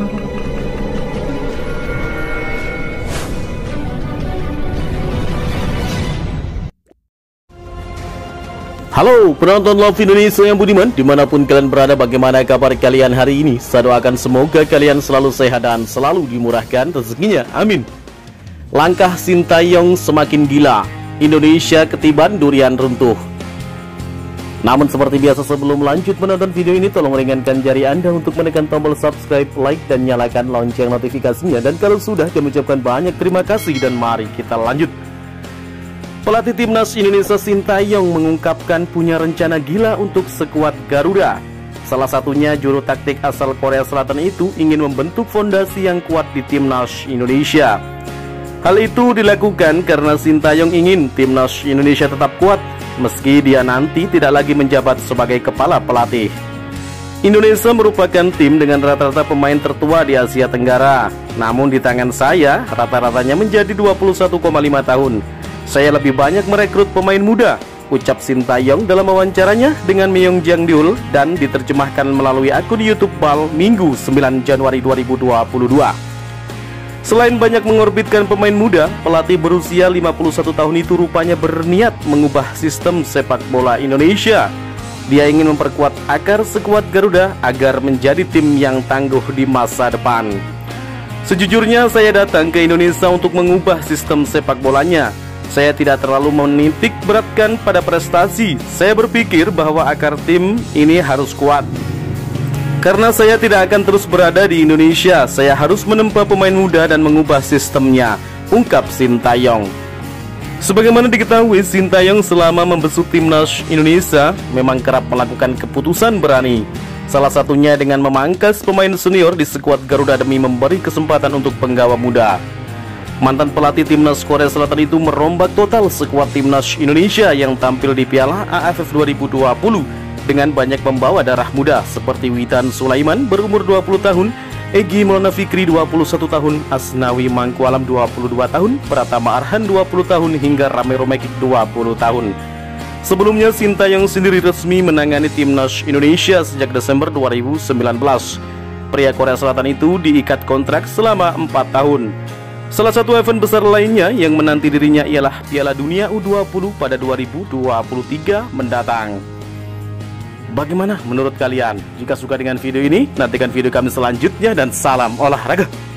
Halo penonton Love Indonesia yang budiman Dimanapun kalian berada bagaimana kabar kalian hari ini Saya doakan semoga kalian selalu sehat dan selalu dimurahkan rezekinya Amin Langkah Sintayong semakin gila Indonesia ketiban durian runtuh namun seperti biasa sebelum lanjut menonton video ini tolong ringankan jari Anda untuk menekan tombol subscribe, like, dan nyalakan lonceng notifikasinya. Dan kalau sudah kami ucapkan banyak terima kasih dan mari kita lanjut. Pelatih timnas Indonesia Sintayong mengungkapkan punya rencana gila untuk sekuat Garuda. Salah satunya juru taktik asal Korea Selatan itu ingin membentuk fondasi yang kuat di timnas Indonesia. Hal itu dilakukan karena Sintayong ingin timnas Indonesia tetap kuat meski dia nanti tidak lagi menjabat sebagai kepala pelatih. Indonesia merupakan tim dengan rata-rata pemain tertua di Asia Tenggara. Namun di tangan saya, rata-ratanya menjadi 21,5 tahun. Saya lebih banyak merekrut pemain muda, ucap Sintayong dalam wawancaranya dengan Myung Jang Diul dan diterjemahkan melalui akun YouTube Bal Minggu 9 Januari 2022. Selain banyak mengorbitkan pemain muda, pelatih berusia 51 tahun itu rupanya berniat mengubah sistem sepak bola Indonesia. Dia ingin memperkuat akar sekuat Garuda agar menjadi tim yang tangguh di masa depan. Sejujurnya saya datang ke Indonesia untuk mengubah sistem sepak bolanya. Saya tidak terlalu menitik beratkan pada prestasi. Saya berpikir bahwa akar tim ini harus kuat. Karena saya tidak akan terus berada di Indonesia, saya harus menempa pemain muda dan mengubah sistemnya, ungkap Sintayong. Sebagaimana diketahui, Sintayong selama membesuk timnas Indonesia memang kerap melakukan keputusan berani. Salah satunya dengan memangkas pemain senior di skuad Garuda demi memberi kesempatan untuk penggawa muda. Mantan pelatih timnas Korea Selatan itu merombak total skuad timnas Indonesia yang tampil di Piala AFF 2020 dengan banyak pembawa darah muda seperti Witan Sulaiman berumur 20 tahun, Egi Maulana Fikri 21 tahun, Asnawi Mangkualam 22 tahun, Pratama Arhan 20 tahun hingga Rame Romekik 20 tahun. Sebelumnya Sinta yang sendiri resmi menangani timnas Indonesia sejak Desember 2019. Pria Korea Selatan itu diikat kontrak selama 4 tahun. Salah satu event besar lainnya yang menanti dirinya ialah Piala Dunia U20 pada 2023 mendatang. Bagaimana menurut kalian? Jika suka dengan video ini, nantikan video kami selanjutnya dan salam olahraga.